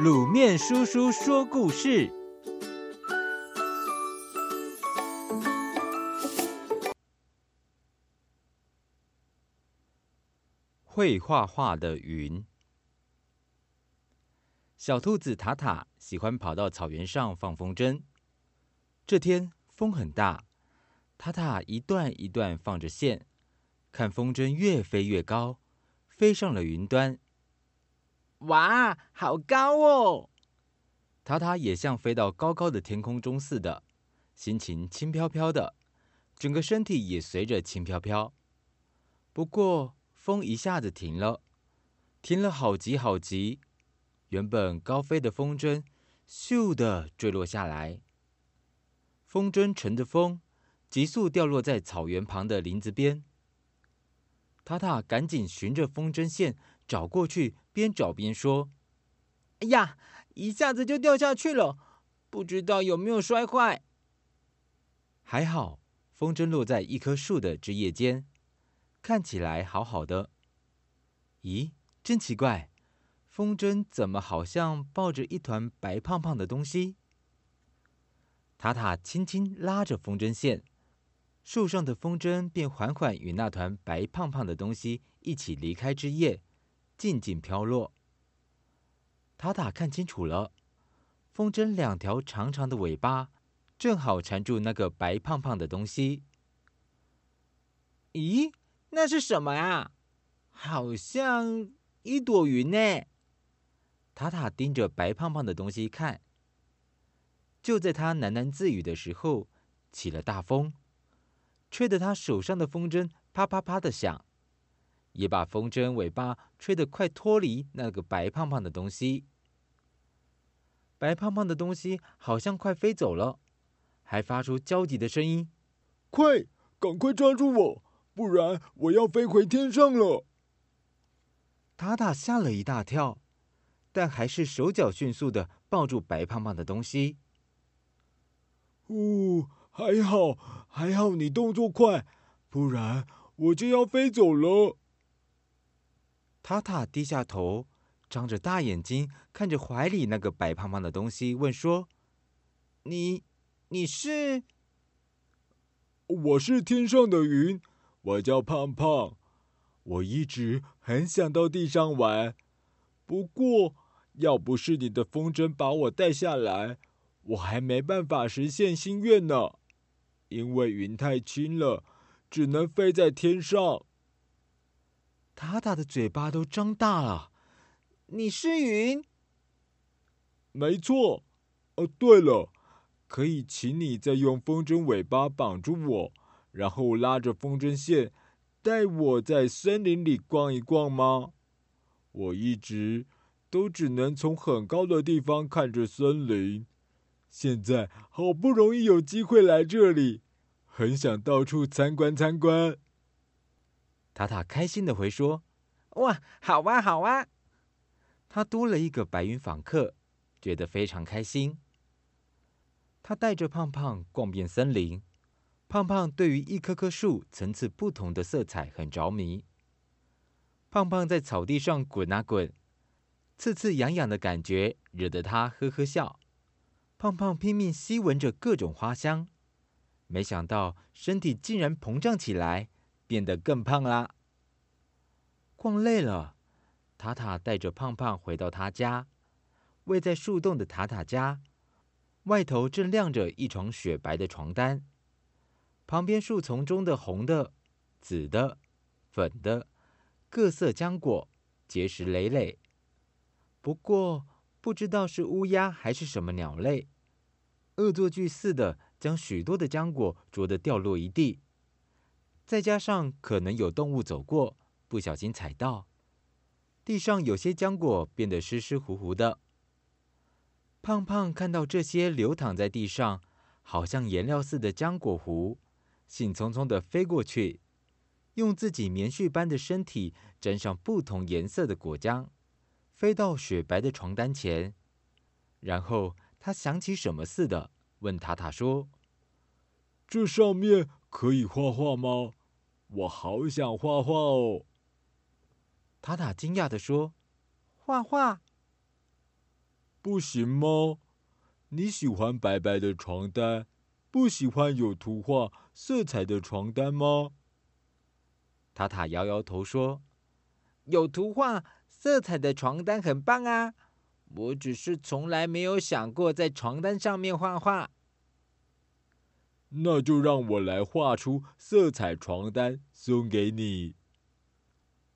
滷麵叔叔說故事：會畫畫的雲。小兔子塔塔喜歡跑到草原上放風箏。這天風很大，塔塔一段一段放着線，看風箏越飛越高，飛上了雲端。哇，好高哦！塔塔也像飛到高高的天空中似的，心情輕飄飄的，整個身體也隨着輕飄飄。不過風一下子停了，停了好急好急，原本高飛的風箏咻的墜落下來。風箏乘着風，急速掉落在草原旁的林子邊。塔塔趕緊循着風箏線。找過去，邊找邊說：“哎呀，一下子就掉下去了，不知道有沒有摔壞。還好，風箏落在一棵樹的枝葉間，看起來好好的。咦，真奇怪，風箏怎麼好像抱着一團白胖胖的東西？”塔塔輕輕拉着風箏線，樹上的風箏便緩緩與那團白胖胖的東西一起離開枝葉。靜靜飄落。塔塔看清楚了，風箏兩條長長的尾巴，正好纏住那個白胖胖的東西。咦，那是什麼啊？好像一朵雲呢。塔塔盯着白胖胖的東西看。就在他喃喃自語的時候，起了大風，吹得他手上的風箏啪啪啪啪的響。也把風箏尾巴吹得快脫離那個白胖胖的東西，白胖胖的東西好像快飛走了，還發出焦急的聲音：“快，趕快抓住我，不然我要飛回天上了！”塔塔嚇了一大跳，但還是手腳迅速的抱住白胖胖的東西。哦“嗚，還好，還好你動作快，不然我就要飛走了。”塔塔低下頭，張着大眼睛看着懷裡那個白胖胖的東西，問說：“你，你是？我是天上的雲，我叫胖胖。我一直很想到地上玩，不過要不是你的風箏把我帶下來，我還沒辦法實現心願呢。因為雲太輕了，只能飛在天上。”塔塔的嘴巴都張大了，你是雲？沒錯，哦，對了，可以請你再用風箏尾巴綁住我，然後拉着風箏線，帶我在森林裡逛一逛嗎？我一直都只能從很高的地方看着森林，現在好不容易有機會來這裡，很想到處參觀參觀。塔塔開心地回說：“哇，好哇，好哇！”他多了一個白雲訪客，覺得非常開心。他帶着胖胖逛遍森林，胖胖對於一棵棵樹層次不同的色彩很着迷。胖胖在草地上滾啊滾，刺刺癢癢的感覺惹得他呵呵笑。胖胖拼命吸聞着各種花香，沒想到身體竟然膨脹起來。變得更胖啦。逛累了，塔塔帶着胖胖回到他家，位在樹洞的塔塔家，外頭正晾着一床雪白的床單，旁邊樹叢中的紅的、紫的、粉的，各色漿果，結實纍纍。不過不知道是烏鴉還是什麼鳥類，惡作劇似的將許多的漿果啄得掉落一地。再加上可能有動物走過，不小心踩到，地上有些漿果變得濕濕糊糊的。胖胖看到這些流淌在地上，好像顏料似的漿果糊，興沖沖地飛過去，用自己棉絮般的身體沾上不同顏色的果漿，飛到雪白的床單前，然後他想起什麼似的，問塔塔說：“這上面。”可以畫畫嗎？我好想畫畫哦。塔塔驚訝地說：“畫畫，不行嗎？你喜歡白白的床單，不喜歡有圖畫、色彩的床單嗎？”塔塔搖搖頭說：“有圖畫、色彩的床單很棒啊，我只是從來沒有想過在床單上面畫畫。”那就讓我來畫出色彩床單送給你。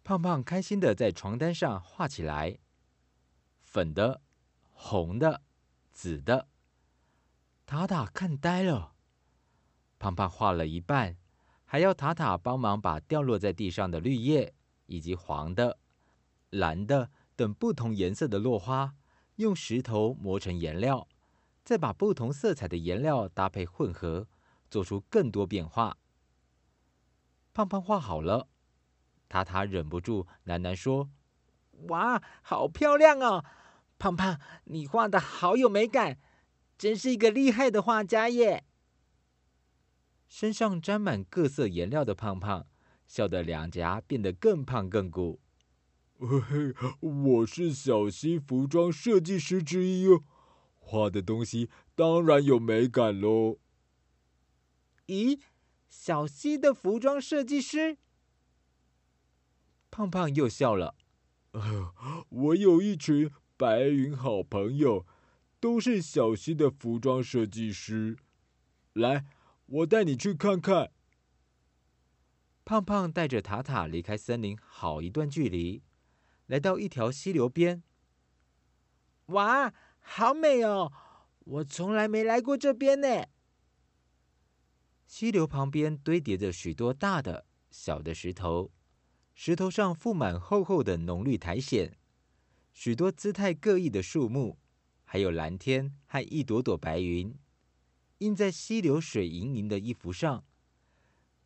胖胖開心地在床單上畫起來，粉的、紅的、紫的，塔塔看呆了。胖胖畫了一半，還要塔塔幫忙把掉落在地上的綠葉以及黃的、藍的等不同顏色的落花，用石頭磨成顏料，再把不同色彩的顏料搭配混合。做出更多變化。胖胖畫好了，塔塔忍不住喃喃說：“哇，好漂亮哦！胖胖，你畫的好有美感，真是一個厲害的畫家耶！”身上沾滿各色顏料的胖胖笑得兩頰變得更胖更鼓。嘿嘿，我是小新服裝設計師之一哦，畫的東西當然有美感嘍。咦，小溪的服裝設計師胖胖又笑了，呃，我有一群白雲好朋友，都是小溪的服裝設計師。來，我帶你去看看。胖胖帶着塔塔離開森林好一段距離，來到一條溪流邊。哇，好美哦！我從來沒來過這邊呢。溪流旁邊堆疊着許多大的、小的石頭，石頭上覆滿厚厚的濃綠苔蘚，許多姿態各異的樹木，還有藍天和一朵朵白雲，印在溪流水盈盈的衣服上，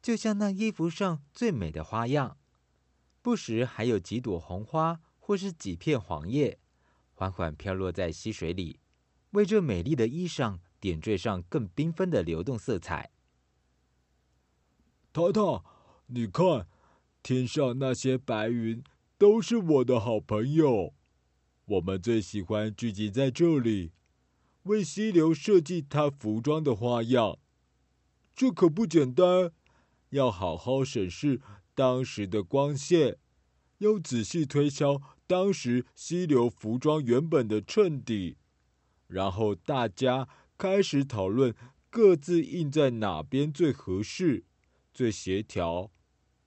就像那衣服上最美的花樣。不時還有幾朵紅花或是幾片黃葉，緩緩飄落在溪水裡，為這美麗的衣裳點綴上更繽紛的流動色彩。淘淘，你看，天上那些白雲都是我的好朋友。我們最喜歡聚集在這裡，為溪流設計他服裝的花樣。這可不簡單，要好好審視當時的光線，要仔細推敲當時溪流服裝原本的襯底，然後大家開始討論，各自印在哪邊最合適。最協調，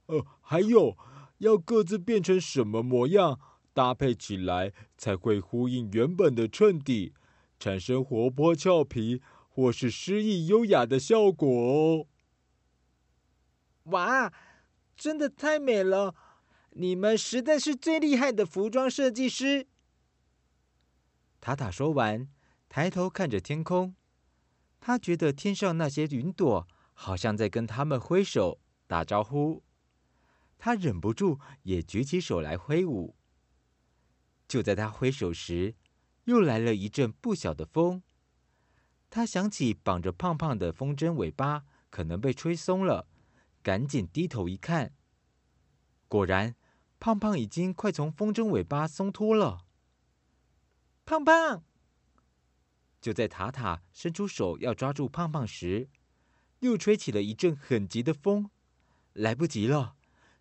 呃，還有要各自變成什麼模樣，搭配起來才會呼應原本的襯底，產生活潑俏皮或是詩意優雅的效果哦。哇，真的太美了！你們實在是最厲害的服裝設計師。塔塔說完，抬頭看着天空，他覺得天上那些雲朵。好像在跟他們揮手打招呼，他忍不住也舉起手來揮舞。就在他揮手時，又來了一陣不小的風。他想起綁着胖胖的風箏尾巴可能被吹鬆了，趕緊低頭一看，果然胖胖已經快從風箏尾巴鬆脫了。胖胖！就在塔塔伸出手要抓住胖胖時，又吹起了一陣很急的風，來不及了！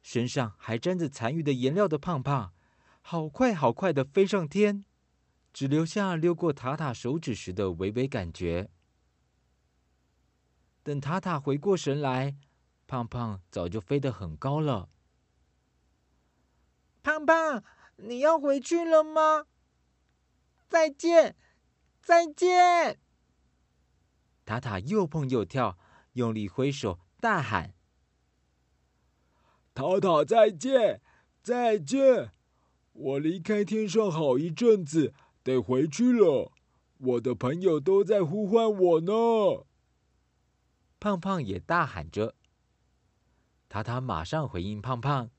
身上還沾着殘餘的顏料的胖胖，好快好快的飛上天，只留下溜過塔塔手指時的微微感覺。等塔塔回過神來，胖胖早就飛得很高了。胖胖，你要回去了嗎？再見，再見！塔塔又蹦又跳。用力揮手，大喊：“淘淘，再見，再見！我離開天上好一陣子，得回去了。我的朋友都在呼喚我呢。”胖胖也大喊着：“淘淘，馬上回應胖胖，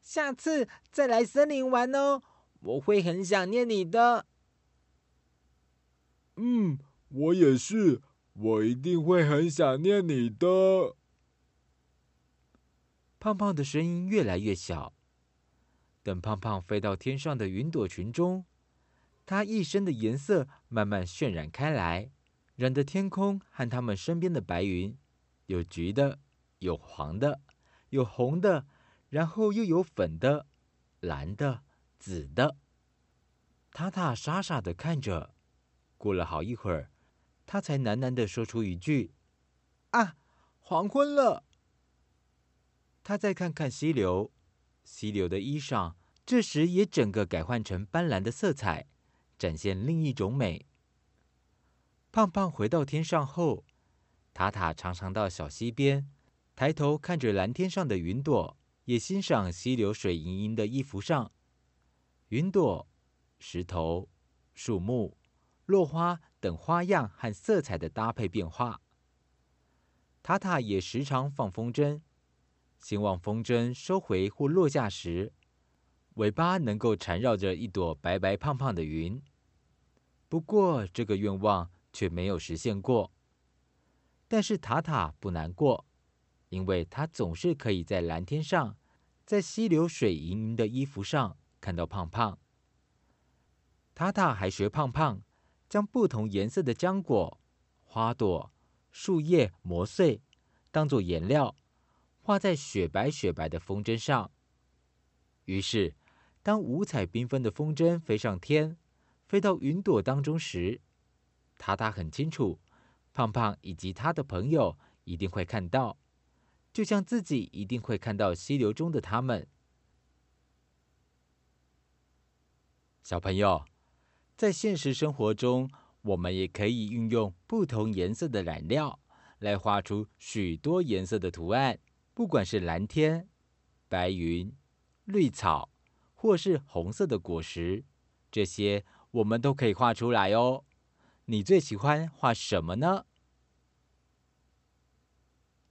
下次再來森林玩哦，我會很想念你的。”嗯，我也是。我一定會很想念你的。胖胖的聲音越來越小。等胖胖飛到天上的雲朵群中，它一身的顏色慢慢渲染開來，染得天空和他們身邊的白雲，有橘的，有黃的，有紅的，然後又有粉的、藍的、紫的。塔塔傻傻的看着，過了好一會兒。他才喃喃地說出一句：“啊，黃昏了。”他再看看溪流，溪流的衣裳這時也整個改換成斑斕的色彩，展現另一種美。胖胖回到天上後，塔塔常常到小溪邊，抬頭看着藍天上的雲朵，也欣賞溪流水盈盈的衣服上，雲朵、石頭、樹木、落花。等花樣和色彩的搭配變化，塔塔也時常放風箏，希望風箏收回或落下時，尾巴能夠纏繞着一朵白白胖胖的雲。不過這個願望卻沒有實現過。但是塔塔不難過，因為他總是可以在藍天上，在溪流水盈盈的衣服上看到胖胖。塔塔還學胖胖。將不同顏色的漿果、花朵、樹葉磨碎，當作顏料，畫在雪白雪白的風箏上。於是，當五彩繽紛的風箏飛上天，飛到雲朵當中時，塔塔很清楚，胖胖以及他的朋友一定會看到，就像自己一定會看到溪流中的他們。小朋友。在現實生活中，我們也可以運用不同顏色的染料來畫出許多顏色的圖案，不管是藍天、白雲、綠草，或是紅色的果實，這些我們都可以畫出來哦。你最喜歡畫什麼呢？